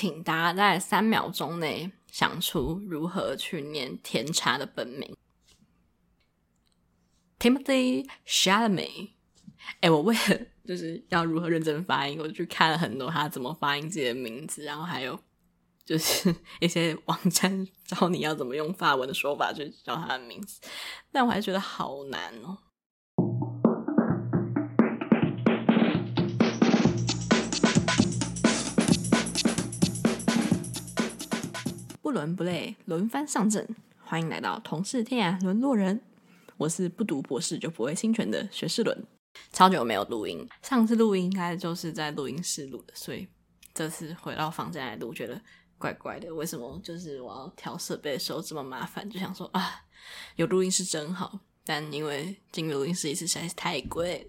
請大家在三秒鐘內想出如何去念甜茶的本名，Timothée Chalamet。哎，我為了就是要如何認真發音，我去看了很多他怎麼發音自己的名字，然後還有就是一些網站找你要怎麼用法文的說法去叫他的名字，但我還覺得好難哦。不倫不類，輪番上陣。歡迎來到同是天涯淪落人，我是不讀博士就不會心存的學士倫。超久沒有錄音，上次錄音應該就是在錄音室錄的，所以這次回到房間來錄，覺得怪怪的。為什麼？就是我要調設備的時候這麼麻煩，就想說啊，有錄音室真好。但因為進入錄音室一次實在是太貴了，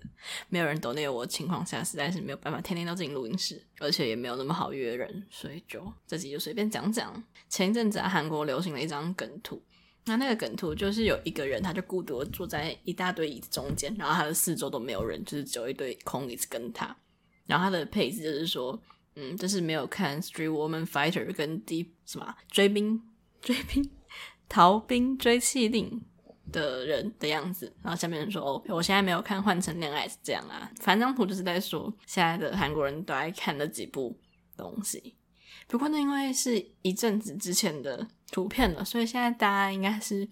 沒有人懂那我情況下，實在是沒有辦法天天都進入錄音室，而且也沒有那麼好約人，所以就自己就隨便講講。前一陣子、啊、韓國流行了一張梗圖，那那個梗圖就是有一個人，他就孤獨坐在一大堆椅子中間，然後他的四週都沒有人，就是只有一堆空椅子跟他。然後他的配置就是說，嗯，就是沒有看《Street Woman Fighter》跟《D 什麼追兵追兵逃兵追緝令》。的人的樣子，然後下面人說：“我現在沒有看《換乘戀愛》是這樣啊，反正張圖就是在說，現在的韓國人都愛看的幾部東西。不過呢，因為是一陣子之前的圖片了，所以現在大家應該是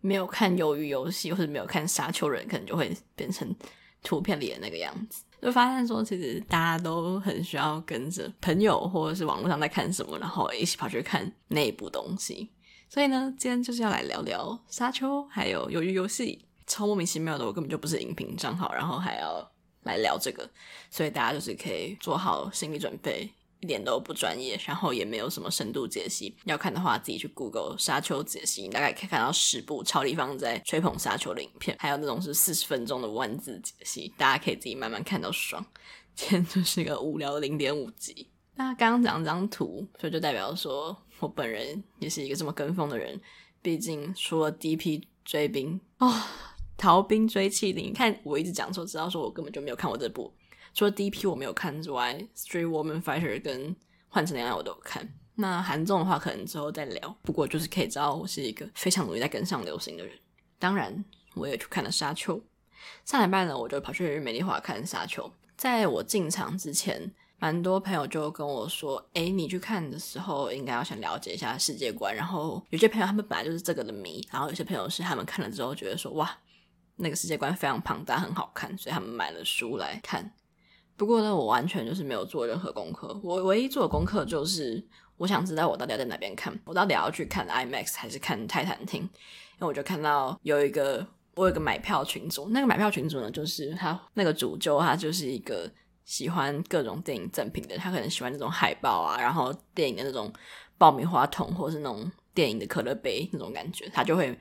沒有看《魷魚遊戲》或者沒有看《沙丘人》，可能就會變成圖片裡的那個樣子，就發現說，其實大家都很需要跟着朋友或者是網絡上在看什麼，然後一起跑去看那一部東西。”所以呢，今天就是要來聊聊《沙丘》，還有《魷魚遊戲》。超莫名其妙的，我根本就不是影評賬號，然後還要來聊這個，所以大家就是可以做好心理準備，一點都不專業，然後也沒有什麼深度解析。要看的話，自己去 Google《沙丘》解析，你大概可以看到十部超立方在吹捧《沙丘》的影片，還有那種是四十分鐘的萬字解析，大家可以自己慢慢看到爽。今天就是一個無聊的零點五集。那剛剛講了張圖，所以就代表說。我本人也是一個這麼跟風的人，畢竟除了 D.P. 追兵哦，逃兵追緝令，看我一直講說，知道說我根本就沒有看過這部，除了 D.P. 我沒有看之外，《Street Woman Fighter》跟《換乘戀愛》我都有看。那韓綜的話，可能之後再聊。不過就是可以知道我是一個非常努力在跟上流行的人。當然，我也去看了《沙丘》。上禮拜呢，我就跑去美麗華看《沙丘》。在我進場之前。蠻多朋友就跟我說：“哎、欸，你去看的時候，應該要想了解一下世界觀。”然後有些朋友他們本來就是這個的迷，然後有些朋友是他們看了之後覺得說：“哇，那個世界觀非常龐大，很好看。”所以他們買了書來看。不過呢，我完全就是沒有做任何功課。我唯一做的功課就是我想知道我到底要在哪邊看，我到底要去看 IMAX 還是看《泰坦廳》。因為我就看到有一個我有一個買票群組，那個買票群組呢，就是他那個主就他就是一個。喜歡各種電影贈品的，他可能喜歡那種海報啊，然後電影的那種爆米花桶，或是那種電影的可樂杯那種感覺，他就會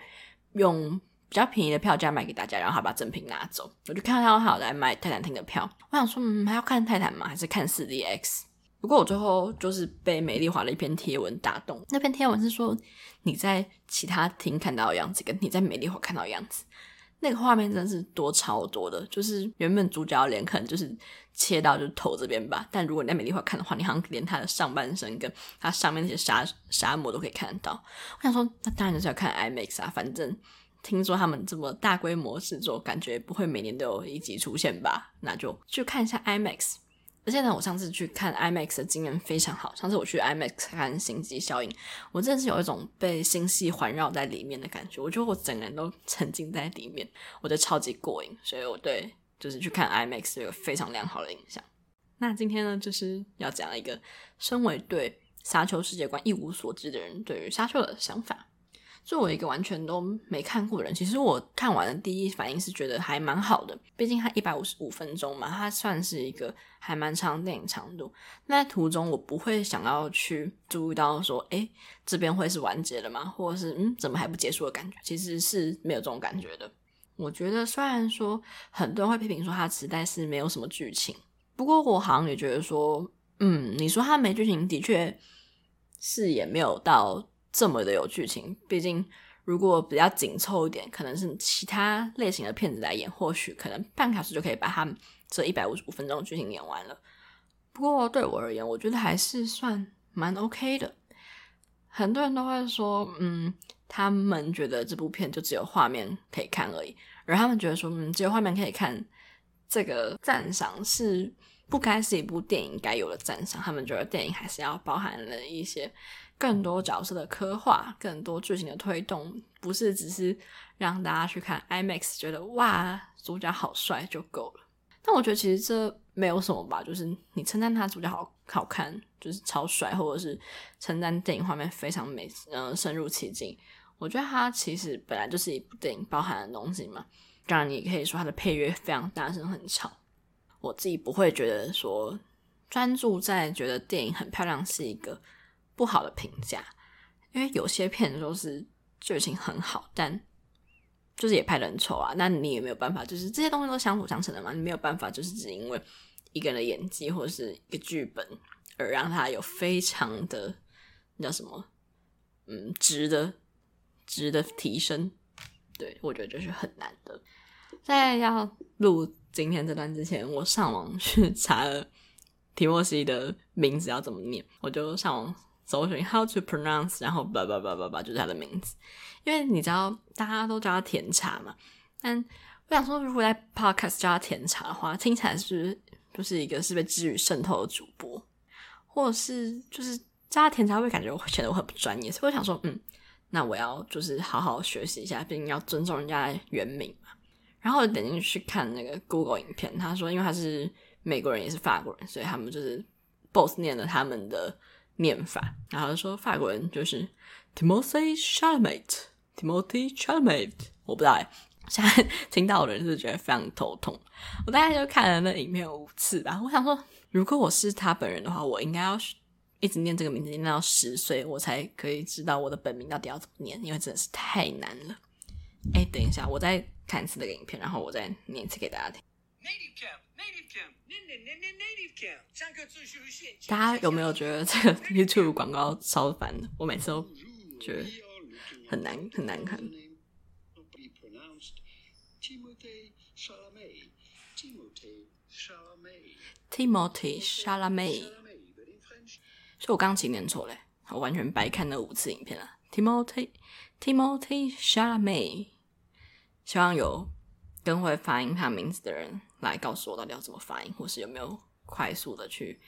用比較便宜的票價賣給大家，然後他把贈品拿走。我就看到他好來買泰坦廳的票，我想說，嗯，還要看泰坦嗎？還是看四 D X？不過我最後就是被美麗華的一篇貼文打動。那篇貼文是說，你在其他廳看到的樣子跟你在美麗華看到的樣子。那個畫面真的是多超多的，就是原本主角的臉可能就是切到就頭這邊吧，但如果你在美麗華看的話，你好像連他的上半身跟他上面那些沙沙模都可以看得到。我想說，那當然就是要看 IMAX 啊，反正聽說他們這麼大規模制作，感覺不會每年都有一集出現吧，那就去看一下 IMAX。而且呢，我上次去看 IMAX 的經驗非常好。上次我去 IMAX 看《星際效應》，我真的是有一種被星系環繞在裡面的感覺。我覺得我整個人都沉浸在裡面，我覺得超級過癮。所以我對就是去看 IMAX 有非常良好的印象。那今天呢，就是要講一個身為對沙丘世界觀一無所知的人，對於沙丘的想法。作為一個完全都沒看過的人，其實我看完的第一反應是覺得還蠻好的。畢竟它一百五十五分鐘嘛，它算是一個還蠻長的電影長度。那在途中，我不會想要去注意到說，哎，這邊會是完結了嗎？或者是，嗯，怎麼還不結束的感覺？其實是沒有這種感覺的。我覺得，雖然說很多人會批評說它實在是沒有什麼劇情，不過我好像也覺得說，嗯，你說它沒劇情，的確是也沒有到。這麼的有劇情，畢竟如果比較緊湊一點，可能是其他類型的片子來演，或許可能半個小時就可以把它這一百五十五分鐘的劇情演完了。不過對我而言，我覺得還是算蠻 OK 的。很多人都會說，嗯，他們覺得這部片就只有畫面可以看而已，而他們覺得說，嗯，只有畫面可以看，這個讚賞是不該是一部電影該有的讚賞。他們覺得電影還是要包含了一些。更多角色的刻畫，更多劇情的推動，不是只是讓大家去看 IMAX 覺得哇，主角好帥就夠了。但我覺得其實這沒有什麼吧，就是你稱讚他主角好好看，就是超帥，或者是稱讚電影畫面非常美，嗯、呃，深入其境。我覺得它其實本來就是一部電影包含的東西嘛。當然，你可以說它的配樂非常大聲很吵，我自己不會覺得說專注在覺得電影很漂亮是一個。不好的評價，因為有些片子都是劇情很好，但就是也拍得很醜啊，那你也沒有辦法，就是這些東西都相輔相成的嘛，你沒有辦法，就是只因為一個人的演技或者是一個劇本而讓他有非常的那叫什麼，嗯，值得值得提升，對我覺得就是很難的。在要錄今天這段之前，我上網去查了提摩西的名字要怎麼念，我就上網。搜尋 how to pronounce，然後叭叭叭叭叭，就是他的名字。因為你知道大家都叫他甜茶嘛，但我想說，如果在 podcast 叫他甜茶的話，聽起來是不是就是一個是被支語滲透的主播，或者是就是叫他甜茶會感覺顯得我很不專業，所以我想說，嗯，那我要就是好好學習一下，畢竟要尊重人家的原名嘛。然後我點進去看那個 Google 影片，他說，因為他是美國人，也是法國人，所以他們就是 both 念了他們的。念法，然後說法國人就是 Timothy Chalamet, Timothy Chalamet，Timothy Chalamet，我不知道耶，現在聽到的人是，是覺得非常頭痛。我大概就看了那影片五次吧，然後我想說，如果我是他本人的話，我應該要一直念這個名字念到十歲，我才可以知道我的本名到底要怎麼念，因為真的是太難了。哎、欸，等一下，我再看一次那個影片，然後我再念一次給大家聽。大家有沒有覺得這個 YouTube 廣告超煩的？我每次都覺得很難很難看。Timothy Chalamet，所以我剛剛念錯了，我完全白看那五次影片了。Timothy, Timothy Chalamet。希望有更會發音他名字的人。來告訴我到底要怎麼發音，或是有沒有快速的去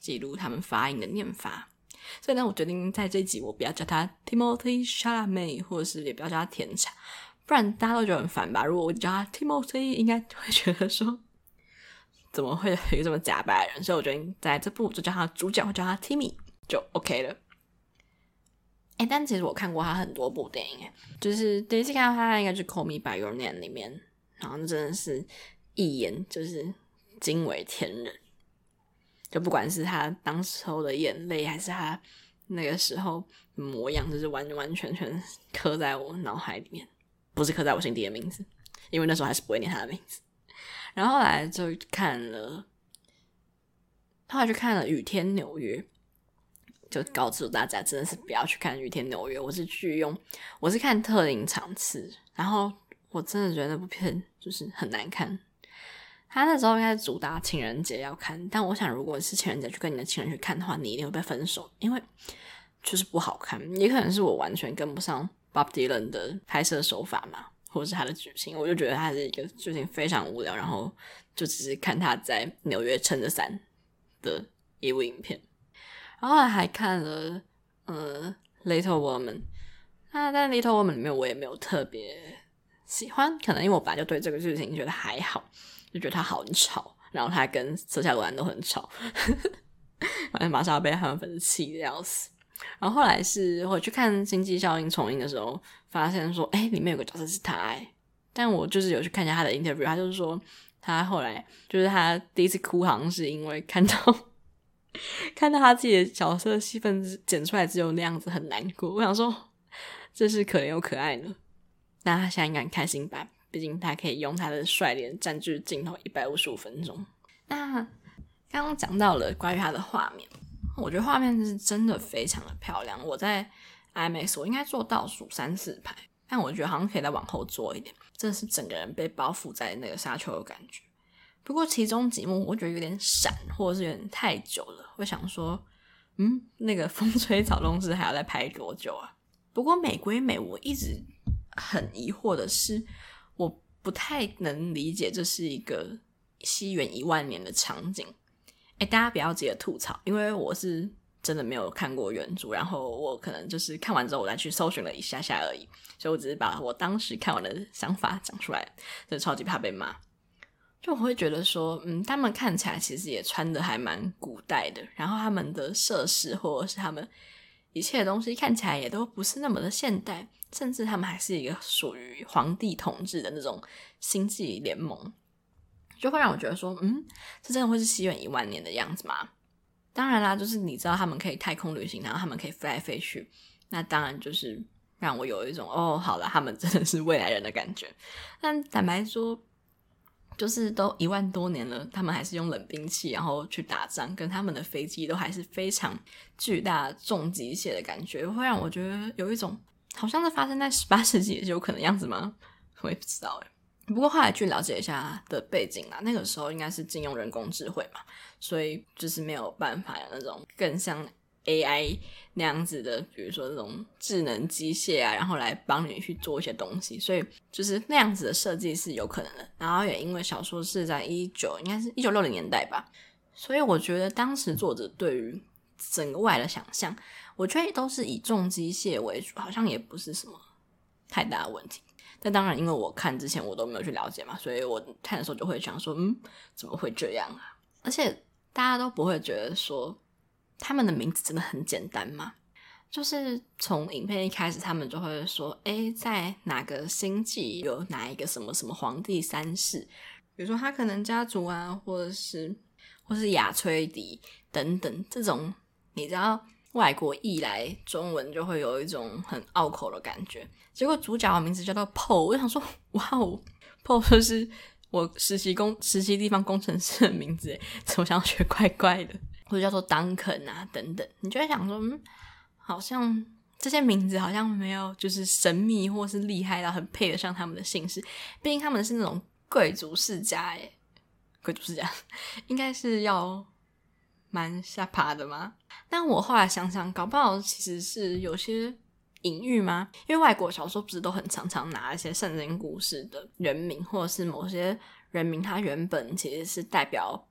記錄他們發音的念法？所以呢，我決定在這集我不要叫他 Timothy Chalamet，或者是也不要叫他甜茶，不然大家都覺得很煩吧。如果我叫他 Timothy，應該會覺得說，怎麼會有一個這麼假白的人。所以，我決定在這部就叫他主角，或叫他 Timmy 就 OK 了。哎，但其實我看過他很多部電影，哎，就是第一次看到他應該就《Call Me by Your Name》裡面，然後真的是。一眼就是驚為天人，就不管是他當時候的眼淚，還是他那個時候模樣，就是完完全全刻在我腦海裡面，不是刻在我心底的名字，因為那時候還是不會念他的名字。然後，後來就看了，後來就看了《雨天紐約》，就告訴大家真的是不要去看《雨天紐約》。我是去用，我是看特映場次，然後我真的覺得那部片就是很難看。他那時候應該主打情人節要看，但我想，如果你是情人節去跟你的情人去看的話，你一定會被分手，因為就是不好看。也可能是我完全跟不上 Bob Dylan 的拍攝手法嘛，或者是他的劇情，我就覺得他是一個劇情非常無聊，然後就只是看他在紐約撐着傘的一部影片。然後還看了呃 Little Woman，那在、啊、Little Woman 裡面，我也沒有特別喜歡，可能因為我本來就對這個劇情覺得還好。就覺得他好很吵，然後他跟瑟夏羅南都很吵， 反正馬上要被他們粉絲氣的要死。然後後來是我去看《星際效應》重映的時候，發現說，哎，裡面有個角色是他欸。但我就是有去看一下他的 interview，他就是說，他後來就是他第一次哭，好像是因為看到看到他自己的角色戲份剪出來只有那樣子，很難過。我想說，這是可憐又可愛呢，那他現在應該很開心吧？畢竟他可以用他的帥臉佔據鏡頭一百五十五分鐘。那剛剛講到了關於他的畫面，我覺得畫面是真的非常的漂亮。我在 IMAX，我應該做倒數三四排，但我覺得好像可以再往後坐一點。真的是整個人被包覆在那個沙丘的感覺。不過其中幾幕我覺得有點閃，或者是有點太久了，會想說，嗯，那個風吹草動是還要再拍多久啊？不過美歸美，我一直很疑惑的是。不太能理解，這是一個西元一萬年的場景。誒，大家不要急着吐槽，因為我是真的沒有看過原著，然後我可能就是看完之後，我再去搜尋了一下下而已，所以我只是把我當時看完的想法講出來，就超級怕被罵。就我會覺得說，嗯，他們看起來其實也穿得還蠻古代的，然後他們的設施或者是他們。一切的東西看起來也都不是那麼的現代，甚至他們還是一個屬於皇帝統治的那種星際聯盟，就會讓我覺得說，嗯，這真的會是西元一萬年的樣子嗎？當然啦，就是你知道他們可以太空旅行，然後他們可以飛來飛去，那當然就是讓我有一種，哦，好了，他們真的是未來人的感覺。但坦白說，就是都一萬多年了，他們還是用冷兵器，然後去打仗，跟他們的飛機都還是非常巨大重機械的感覺，會讓我覺得有一種好像是發生在十八世紀也是有可能樣子嗎？我也不知道哎。不過後來去了解一下的背景啦，那個時候應該是禁用人工智慧嘛，所以就是沒有辦法有那種更像。A I 那樣子的，比如說這種智能機械啊，然後來幫你去做一些東西，所以就是那樣子的設計是有可能的。然後也因為小說是在一九，應該是一九六零年代吧，所以我覺得當時作者對於整個未來的想象，我覺得都是以重機械為主，好像也不是什麼太大的問題。但當然，因為我看之前我都沒有去了解嘛，所以我看的時候就會想說，嗯，怎麼會這樣啊？而且大家都不會覺得說。他們的名字真的很簡單嗎？就是從影片，一開始，他們就會說：“誒，在哪個星際有哪一個什麼什麼皇帝三世？”比如說，他可能家族啊，或者是，或者是亞崔迪等等這種，你知道，外國譯來中文就會有一種很拗口的感覺。結果主角的名字叫做 Paul，我就想說，哇哦 Paul 說是我實習工實習地方工程師的名字，怎麼想學怪怪的？或者叫做當肯啊等等，你就會想說，嗯，好像這些名字好像沒有就是神秘或是厲害到很配得上他們的姓氏，畢竟他們是那種貴族世家。誒，貴族世家應該是要蠻下爬的嗎？但我後來想想，搞不好其實是有些隱喻嗎？因為外國小說不是都很常常拿一些聖經故事的人名，或者是某些人名，他原本其實是代表。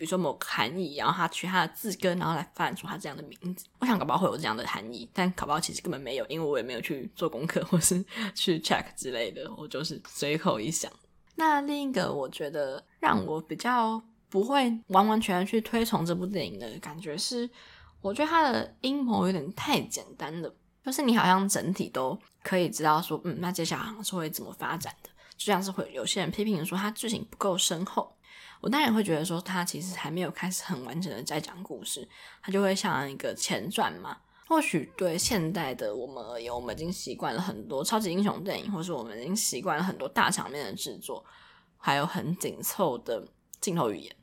比如說某個含義，然後他取他的字根，然後來發展出他這樣的名字。我想搞不好會有這樣的含義，但搞不好其實根本沒有，因為我也沒有去做功課或是去 check 之類的，我就是隨口一想。那另一個我覺得讓我比較不會完完全全去推崇這部電影的感覺是，我覺得它的陰謀有點太簡單了，就是你好像整體都可以知道說，嗯，那接下來好像是會怎麼發展的，就像是會有些人批評說它劇情不夠深厚。我當然也會覺得說，他其實還沒有開始很完整的在講故事，他就會像一個前傳嘛。或許對現代的我們而言，我們已經習慣了很多超級英雄電影，或是我們已經習慣了很多大場面的制作，還有很緊湊的鏡頭語言。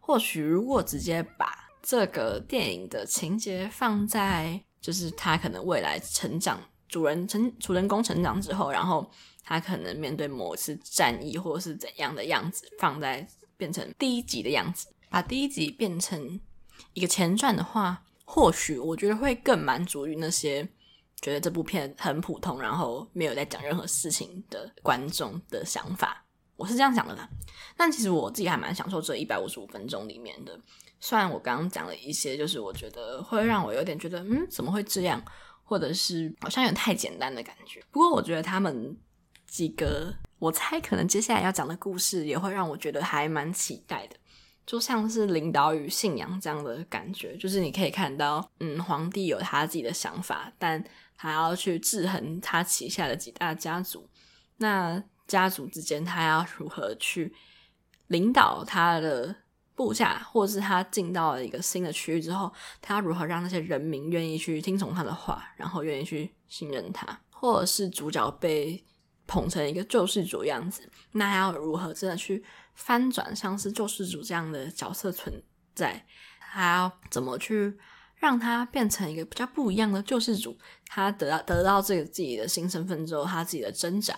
或許如果直接把這個電影的情節放在，就是他可能未來成長主人成主人公成長之後，然後他可能面對某次戰役或是怎樣的樣子放在。變成第一集的樣子，把第一集變成一個前傳的話，或許我覺得會更滿足於那些覺得這部片很普通，然後沒有在講任何事情的觀眾的想法。我是這樣想的啦。但其實我自己還蠻享受這一百五十五分鐘裡面的，雖然我剛剛講了一些，就是我覺得會讓我有點覺得，嗯，怎麼會這樣，或者是好像有點太簡單的感覺。不過我覺得他們幾個。我猜可能接下來要講的故事也會讓我覺得還蠻期待的，就像是領導與信仰這樣的感覺，就是你可以看到，嗯，皇帝有他自己的想法，但還要去制衡他旗下的幾大家族。那家族之間，他要如何去領導他的部下，或者是他進到了一個新的區域之後，他要如何讓那些人民願意去聽從他的話，然後願意去信任他，或者是主角被。捧成一個救世主樣子，那要如何真的去翻轉像是救世主這樣的角色存在？他要怎麼去讓他變成一個比較不一樣的救世主？他得到得到這個自己的新身份之後，他自己的掙扎，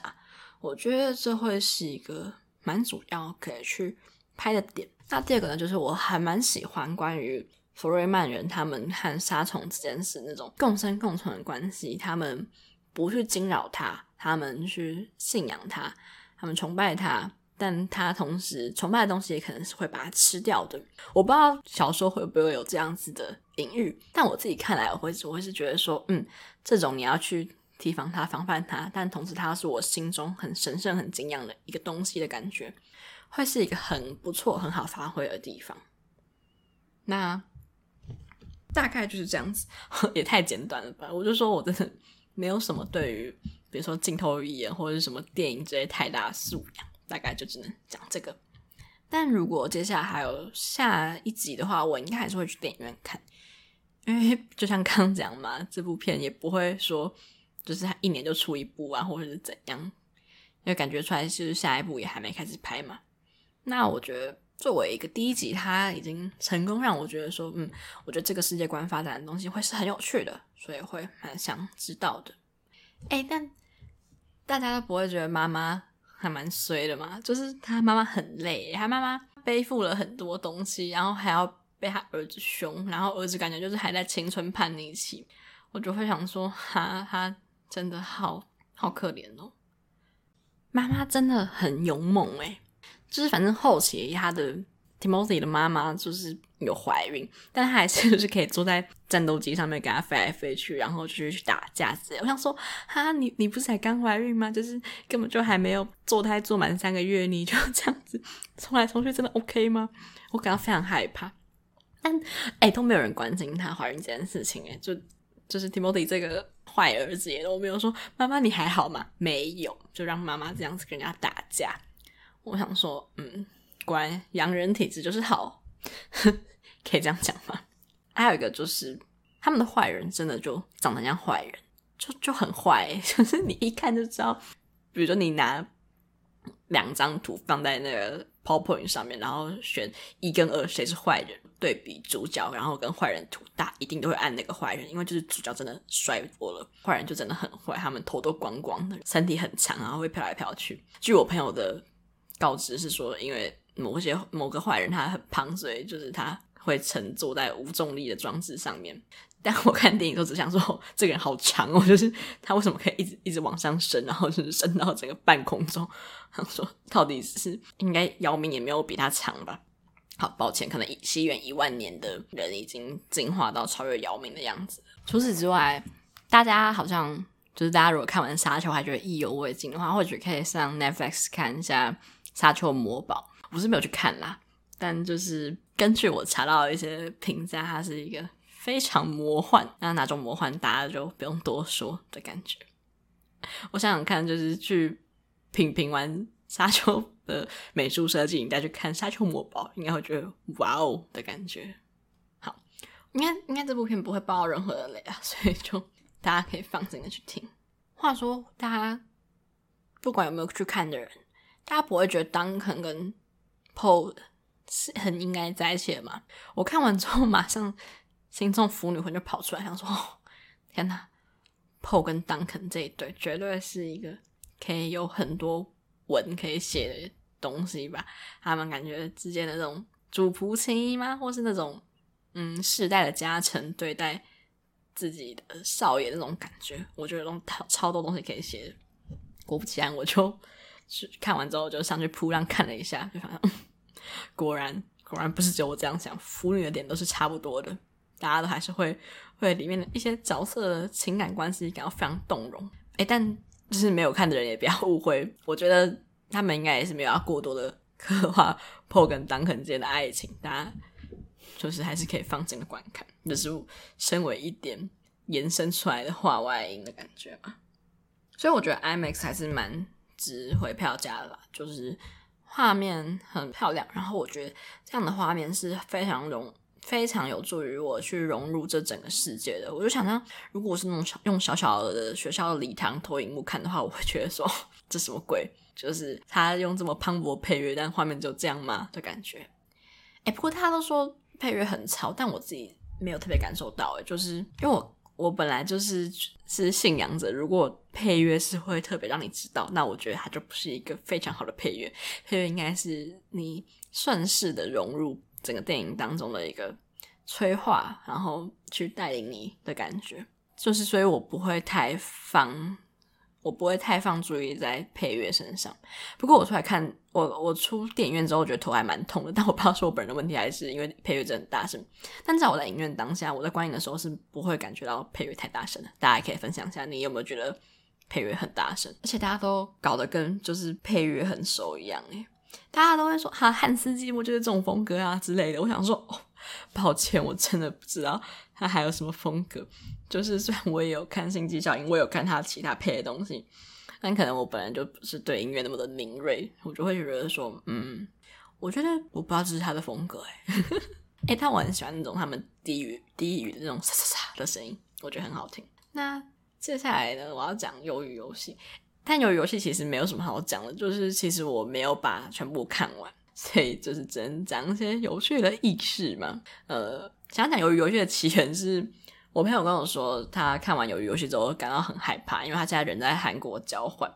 我覺得這會是一個蠻主要可以去拍的點。那第二個呢，就是我還蠻喜歡關於弗瑞曼人他們和沙蟲之間是那種共生共存的關係，他們不去驚擾他。他們去信仰他，他們崇拜他，但他同時崇拜的東西也可能是會把他吃掉的。我不知道小說會不會有這樣子的隱喻，但我自己看來，我會我會是覺得說，嗯，這種你要去提防他、防範他，但同時他是我心中很神聖、很敬仰的一個東西的感覺，會是一個很不錯、很好發揮的地方。那大概就是這樣子，也太簡短了吧？我就說，我真的沒有什麼對於。比如說鏡頭語言或者是什麼電影之類太大素養，大概就只能講這個。但如果接下來還有下一集的話，我應該還是會去電影院看，因為就像剛講嘛，這部片也不會說就是一年就出一部啊，或者是怎樣，因為感覺出來就是下一部也還沒開始拍嘛。那我覺得作為一個第一集，他已經成功讓我覺得說，嗯，我覺得這個世界觀發展的東西會是很有趣的，所以會蠻想知道的。哎、欸，但。大家都不會覺得媽媽還蠻衰的嘛，就是他媽媽很累，欸，他媽媽背負了很多東西，然後還要被他兒子兇，然後兒子感覺就是還在青春叛逆期，我就會想說，哈，他真的好好可憐哦、喔，媽媽真的很勇猛哎，欸，就是反正後期他，欸、的。Timothy 的媽媽就是有懷孕，但她還是就是可以坐在戰鬥機上面給她飛來飛去，然後去去打架子。我想說，哈，你你不是才剛懷孕嗎？就是根本就還沒有坐胎做滿三個月，你就這樣子衝來衝去，真的 OK 嗎？我感到非常害怕。但哎，欸，都沒有人關心她懷孕這件事情，欸，哎，就就是 Timothy 這個壞兒子，也我沒有說媽媽你還好嗎？沒有，就讓媽媽這樣子跟人家打架。我想說，嗯。乖，洋人體質就是好，可以這樣講嗎？還有一個就是他們的壞人真的就長得像壞人，就就很壞，就是你一看就知道。比如說你拿兩張圖放在那個 PowerPoint 上面，然後選一跟，二誰是壞人對比主角，然後跟壞人圖大，大一定都會按那個壞人，因為就是主角真的帥多了，壞人就真的很壞。他們頭都光光的，身體很長，然後會飄來飄去。據我朋友的告知是說，因為某些某個壞人，他很胖嘴，所以就是他會乘坐在無重力的裝置上面。但我看電影都只想說，這個人好長哦，就是他為什麼可以一直一直往上升，然後就是升到整個半空中。他說到底是應該姚明也沒有比他長吧？好抱歉，可能西元一萬年的人已經進化到超越姚明的樣子。除此之外，大家好像就是大家如果看完《沙丘》還覺得意猶未盡的話，或許可以上 Netflix 看一下《沙丘魔堡》。我是沒有去看啦，但就是根據我查到的一些評價，它是一個非常魔幻，那哪種魔幻大家就不用多說的感覺。我想想看，就是去品評完《沙丘》的美術設計，你再去看《沙丘魔堡》，應該會覺得“哇哦”的感覺。好，應該應該這部片不會爆任何的雷啊，所以就大家可以放心的去聽。話說，大家不管有沒有去看的人，大家不會覺得丹肯跟 PO 是很應該在一起的嘛？我看完之後馬上，心中腐女魂就跑出來，想說：天吶 PO 跟 Duncan 這一對，絕對是一個可以有很多文可以寫的東西吧？他們感覺之間的這種主僕情誼嗎？或是那種嗯，世代的家臣對待自己的少爺那種感覺？我覺得這種超多東西可以寫。果不其然，我就去看完之後就上去噗浪看了一下，就發現。果然，果然不是只有我這樣想，腐女的點都是差不多的，大家都還是會會為裡面的一些角色的情感關係感到非常動容。哎、欸，但就是沒有看的人也不要誤會，我覺得他們應該也是沒有要過多的刻畫保羅跟鄧肯之間的愛情，大家就是還是可以放心的觀看，就是身為一點延伸出來的畫外音的感覺吧。所以我覺得 IMAX 還是蠻值回票價的吧，就是。畫面很漂亮，然後我覺得這樣的畫面是非常融、非常有助於我去融入這整個世界的。我就想象，如果我是那種小，用小小的學校禮堂投影幕看的話，我會覺得說這什麼鬼？就是他用這麼磅礴配樂，但畫面就這樣嗎的感覺？哎、欸，不過大家都說配樂很潮，但我自己沒有特別感受到、欸，就是因為我。我本來就是是信仰者，如果配樂是會特別讓你知道，那我覺得它就不是一個非常好的配樂。配樂應該是你順勢的融入整個電影當中的一個催化，然後去帶領你的感覺，就是所以我不會太方我不會太放注意在配樂身上，不過我出來看，我我出電影院之後，覺得頭還蠻痛的，但我不知道說我本人的問題，還是因為配樂真的很大聲。但在我在影院當下，我在觀影的時候是不會感覺到配樂太大聲的。大家也可以分享一下，你有沒有覺得配樂很大聲？而且大家都搞得跟就是配樂很熟一樣，哎，大家都會說哈、啊、漢斯季默，我覺得這種風格啊之類的。我想說，哦抱歉，我真的不知道他還有什麼風格。就是雖然我也有看《星際效應》，因為我有看他其他配的東西，但可能我本來就不是對音樂那麼的敏銳，我就會覺得說，嗯，我覺得我不知道這是他的風格誒、欸，哎、 欸，但我很喜歡那種他們低語低語的那種沙沙沙的聲音，我覺得很好聽。那接下來呢，我要講《魷魚遊戲》，但《魷魚遊戲》其實沒有什麼好講的，就是其實我沒有把全部看完。所以就是只能講一些有趣的軼事嘛。呃，想想《魷魚遊戲》的起源是，是我朋友跟我說，他看完《魷魚遊戲》之後感到很害怕，因為他現在人在韓國交換，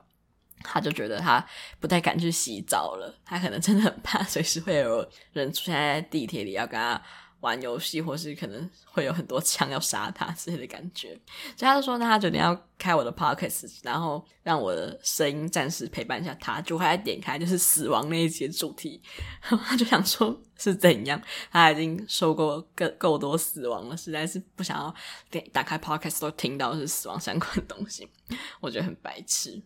他就覺得他不太敢去洗澡了。他可能真的很怕，隨時會有人出現在地鐵裡要跟他玩遊戲，或是可能會有很多槍要殺他之類的感覺。所以他就說：“他決定要開我的 podcast，然後讓我的聲音暫時陪伴一下他。”就還在點開就是死亡那一節主題，他就想說是怎樣？他已經受過夠夠多死亡了，實在是不想要點打開 podcast 都聽到是死亡相關的東西。我覺得很白痴。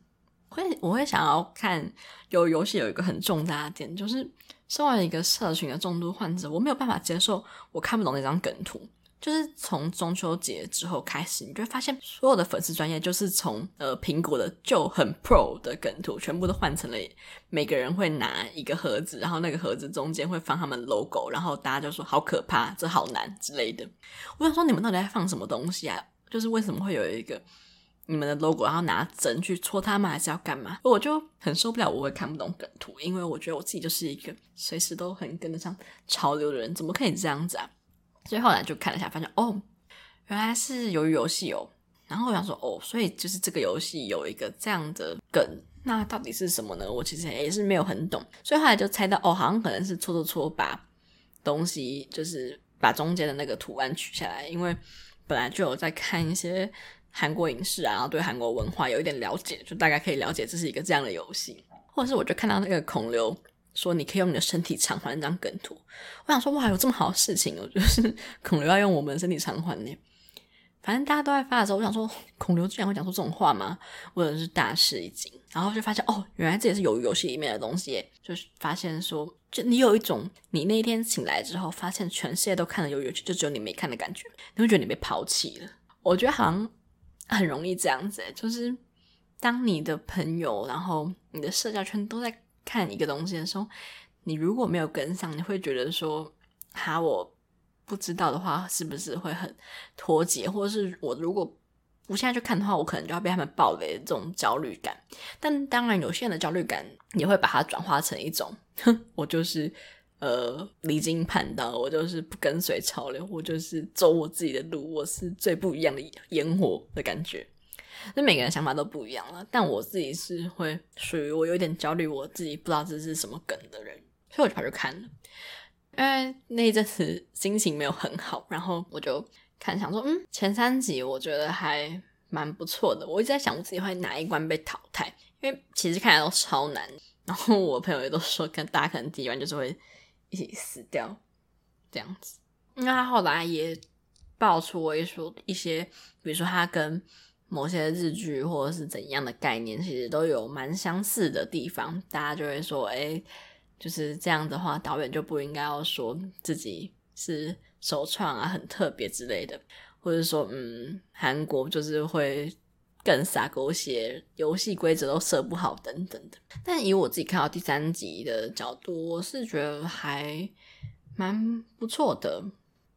會我會想要看有遊戲有一個很重大的點，就是。作為一個社群的重度患者，我沒有辦法接受，我看不懂那張梗圖。就是從中秋節之後開始，你就會發現所有的粉絲專業就是從呃蘋果的就很 pro 的梗圖，全部都換成了每個人會拿一個盒子，然後那個盒子中間會放他們 logo，然後大家就說好可怕，這好難之類的。我想說，你們到底在放什麼東西啊？就是為什麼會有一個？你們的 logo，然後拿針去戳它嗎？還是要幹嘛？我就很受不了，我會看不懂梗圖，因為我覺得我自己就是一個隨時都很跟得上潮流的人，怎麼可以這樣子啊？所以後來就看了一下，發現哦，原來是魷魚遊戲哦。然後我想說哦，所以就是這個遊戲有一個這樣的梗，那到底是什麼呢？我其實也是沒有很懂，所以後來就猜到哦，好像可能是戳戳戳把東西，就是把中間的那個圖案取下來，因為本來就有在看一些。韓國影視啊，然後對韓國文化有一點了解，就大概可以了解，這是一個這樣的遊戲，或者是我就看到那個孔劉說，你可以用你的身體償還一張梗圖，我想說哇，有這麼好的事情哦，我就是孔劉要用我們的身體償還呢。反正大家都在發的時候，我想說孔劉居然會講說這種話嗎？或者是大吃一驚，然後就發現哦，原來這也是魷魚遊戲裡面的東西，就是發現說，就你有一種你那一天醒來之後，發現全世界都看了魷魚遊戲，就只有你沒看的感覺，你會覺得你被拋棄了。我覺得好像。很容易這樣子、欸，就是當你的朋友，然後你的社交圈都在看一個東西的時候，你如果沒有跟上，你會覺得說，哈，我不知道的話，是不是會很脫節？或者是我如果我現在去看的話，我可能就要被他們暴雷的這種焦慮感。但當然，有些人的焦慮感也會把它轉化成一種，哼，我就是。呃，離經叛道，我就是不跟隨潮流，我就是走我自己的路，我是最不一樣的煙火的感覺。那每個人想法都不一樣了，但我自己是會屬於我有點焦慮，我自己不知道這是什麼梗的人，所以我就跑去看了。因為那一陣子心情沒有很好，然後我就看想說，嗯，前三集我覺得還蠻不錯的。我一直在想我自己會哪一關被淘汰，因為其實看來都超難。然後我朋友也都說，跟大家可能第一關就是會。一起死掉，這樣子。那他後來也爆出了一些，比如說他跟某些日劇或者是怎樣的概念，其實都有蠻相似的地方。大家就會說，哎、欸，就是這樣的話，導演就不應該要說自己是首創啊，很特別之類的，或者說，嗯，韓國就是會。更撒狗血，遊戲規則都設不好，等等的。但以我自己看到第三集的角度，我是覺得還蠻不錯的，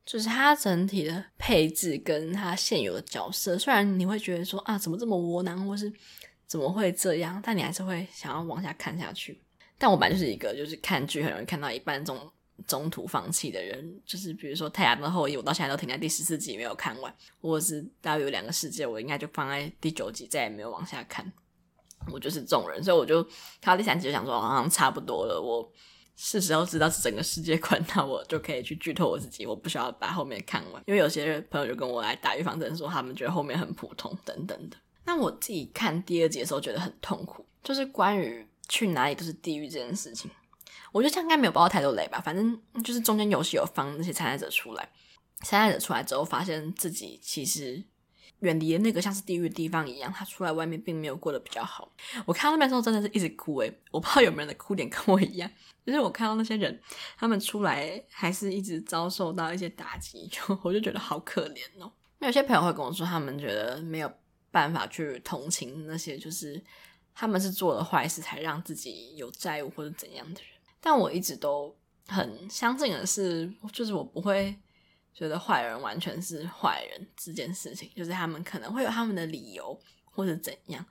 就是它整體的配置跟它現有的角色，雖然你會覺得說啊，怎麼這麼窩囊，或是怎麼會這樣，但你還是會想要往下看下去。但我本來就是一個，就是看劇很容易看到一半這種。中途放棄的人，就是比如說《太陽的後裔》，我到現在都停在第十四集沒有看完；或者是《大約有兩個世界》，我應該就放在第九集再也沒有往下看。我就是這種人，所以我就看到第三集就想說，好像差不多了，我是時候知道是整個世界觀，那我就可以去劇透我自己，我不需要把後面看完。因為有些朋友就跟我來打預防針，說他們覺得後面很普通等等的。那我自己看第二集的時候覺得很痛苦，就是關於去哪裡都是地獄這件事情。我覺得應該沒有爆太多雷吧，反正就是中間遊戲，有放那些參賽者出來，參賽者出來之後，發現自己其實遠離那個像是地獄的地方一樣，他出來外面並沒有過得比較好。我看到那邊的時候，真的是一直哭誒、欸，我不知道有沒有人的哭點跟我一樣，就是我看到那些人，他們出來還是一直遭受到一些打擊，我就覺得好可憐哦、喔。那有些朋友會跟我說，他們覺得沒有辦法去同情那些就是他們是做了壞事才讓自己有債務或者怎樣的人。但我一直都很相信的是，就是我不會覺得壞人完全是壞人這件事情，就是他們可能會有他們的理由或者怎樣。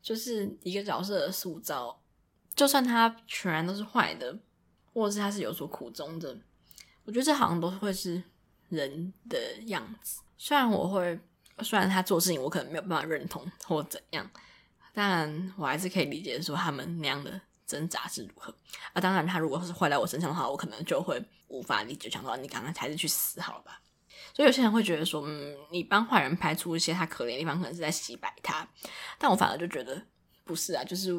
就是一個角色的塑造，就算他全然都是壞的，或者是他是有所苦衷的，我覺得這好像都會是人的樣子。雖然我會，雖然他做事情我可能沒有辦法認同或怎樣，但我還是可以理解說他們那樣的掙扎是如何？啊，當然，他如果是壞在我身上的話，我可能就會無法理解，想說你剛剛還是去死好吧。所以有些人會覺得說，嗯，你幫壞人拍出一些他可憐的地方，可能是在洗白他。但我反而就覺得不是啊，就是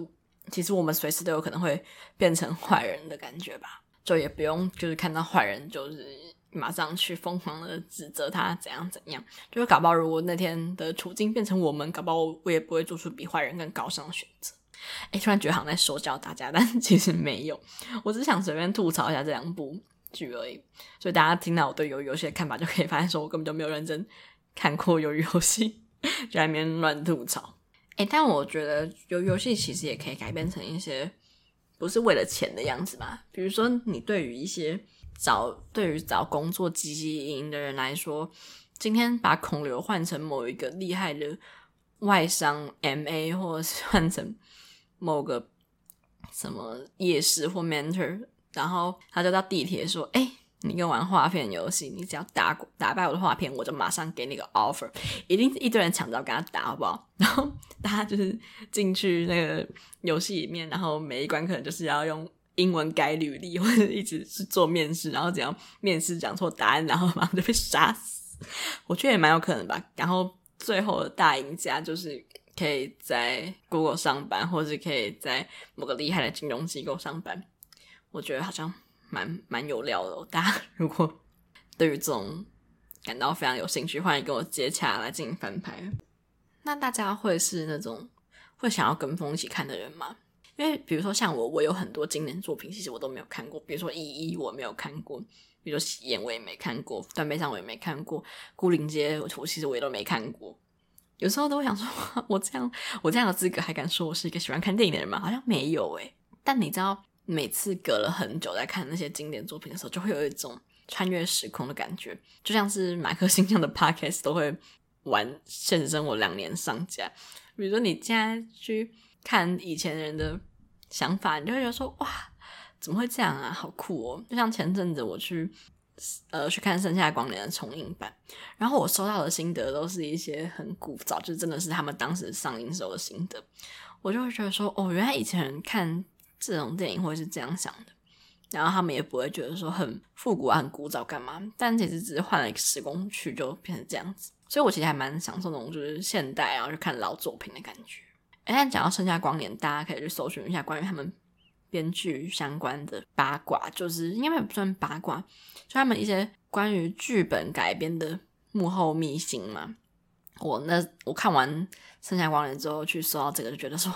其實我們隨時都有可能會變成壞人的感覺吧。就也不用就是看到壞人，就是馬上去瘋狂的指責他怎樣怎樣，就是搞不好如果那天的處境變成我們，搞不好我也不會做出比壞人更高尚的選擇。哎、欸，突然覺得好像在說教大家，但其實沒有，我只是想隨便吐槽一下這兩部劇而已。所以大家聽到我對魷魚遊戲的看法，就可以發現說我根本就沒有認真看過魷魚遊戲，就在那邊亂吐槽。哎、欸，但我覺得魷魚遊戲其實也可以改編成一些不是為了錢的樣子嘛。比如說，你對於一些找對於找工作汲汲營營的人來說，今天把孔劉換成某一個厲害的外商 MA，或者是換成。某個什麼夜市或 mentor，然後他就到地鐵說：“哎、欸，你跟玩畫片遊戲，你只要打打敗我的畫片，我就馬上給你個 offer。”一定是一堆人搶着要跟他打，好不好？然後大家就是進去那個遊戲裡面，然後每一關可能就是要用英文改履歷，或者一直是做面試，然後只要面試講錯答案，然後馬上就被殺死。我覺得也蠻有可能吧。然後最後的大贏家就是。可以在 Google 上班，或是可以在某個厲害的金融機構上班，我覺得好像蠻蠻有料的哦。大家如果對於這種感到非常有興趣，歡迎跟我接洽來進行翻拍。那大家會是那種會想要跟風一起看的人嗎？因為比如說像我，我有很多經典作品，其實我都沒有看過。比如說《一一》，我沒有看過，比如說《喜宴》我也沒看過，《斷背山》我也沒看過，《牯嶺街》我其實我也都沒看過。有時候都會想說，我這樣，我這樣的資格還敢說我是一個喜歡看電影的人嗎？好像沒有誒。但你知道，每次隔了很久在看那些經典作品的時候，就會有一種穿越時空的感覺，就像是馬克新這樣的 podcast 都會玩現實生活兩年上架。比如說，你現在去看以前人的想法，你就會覺得說，哇，怎麼會這樣啊？好酷哦！就像前陣子我去。呃，去看《盛夏光年》的重映版，然後我收到的心得都是一些很古早，就真的是他們當時上映時候的心得。我就會覺得說，哦，原來以前看這種電影會是這樣想的，然後他們也不會覺得說很複古、啊、很古早幹嘛。但其實只是換了一個時空去，就變成這樣子。所以我其實還蠻享受那種就是現代、啊，然後去看老作品的感覺。哎，講到《盛夏光年》，大家可以去搜尋一下關於他們編劇相關的八卦，就是應該不算八卦，就他們一些關於劇本改編的幕後秘辛嘛。我那我看完《盛夏光年》之後去搜到這個，就覺得說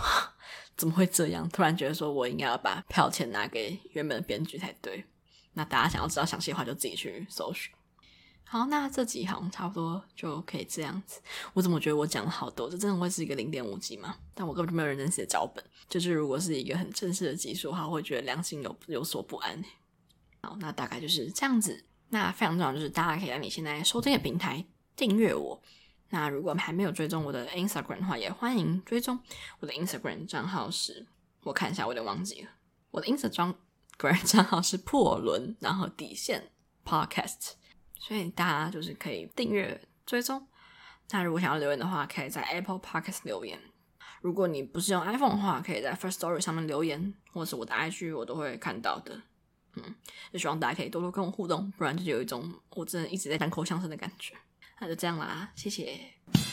怎麼會這樣？突然覺得說我應該要把票錢拿給原本的編劇才對。那大家想要知道詳細的話，就自己去搜尋。好，那這集好像差不多就可以這樣子。我怎麼覺得我講了好多？這真的會是一個零點五集嗎？但我根本就沒有認真寫腳本。就是如果是一個很正式的集數的話，我會覺得良心有有所不安。好，那大概就是這樣子。那非常重要，就是大家可以在你現在收聽的平台訂閱我。那如果還沒有追蹤我的 Instagram 的話，也歡迎追蹤我的 Instagram 賬號是，我看一下，我有點忘記了。我的 Instagram 賬號是破輪，然後底線 Podcast。所以大家就是可以訂閱追蹤。那如果想要留言的話，可以在 Apple Podcast 留言。如果你不是用 iPhone 的話，可以在 Firstory 上面留言，或者是我的 IG，我都會看到的。嗯，就希望大家可以多多跟我互動，不然就有一種我真的一直在單口相聲的感覺。那就這樣啦，謝謝。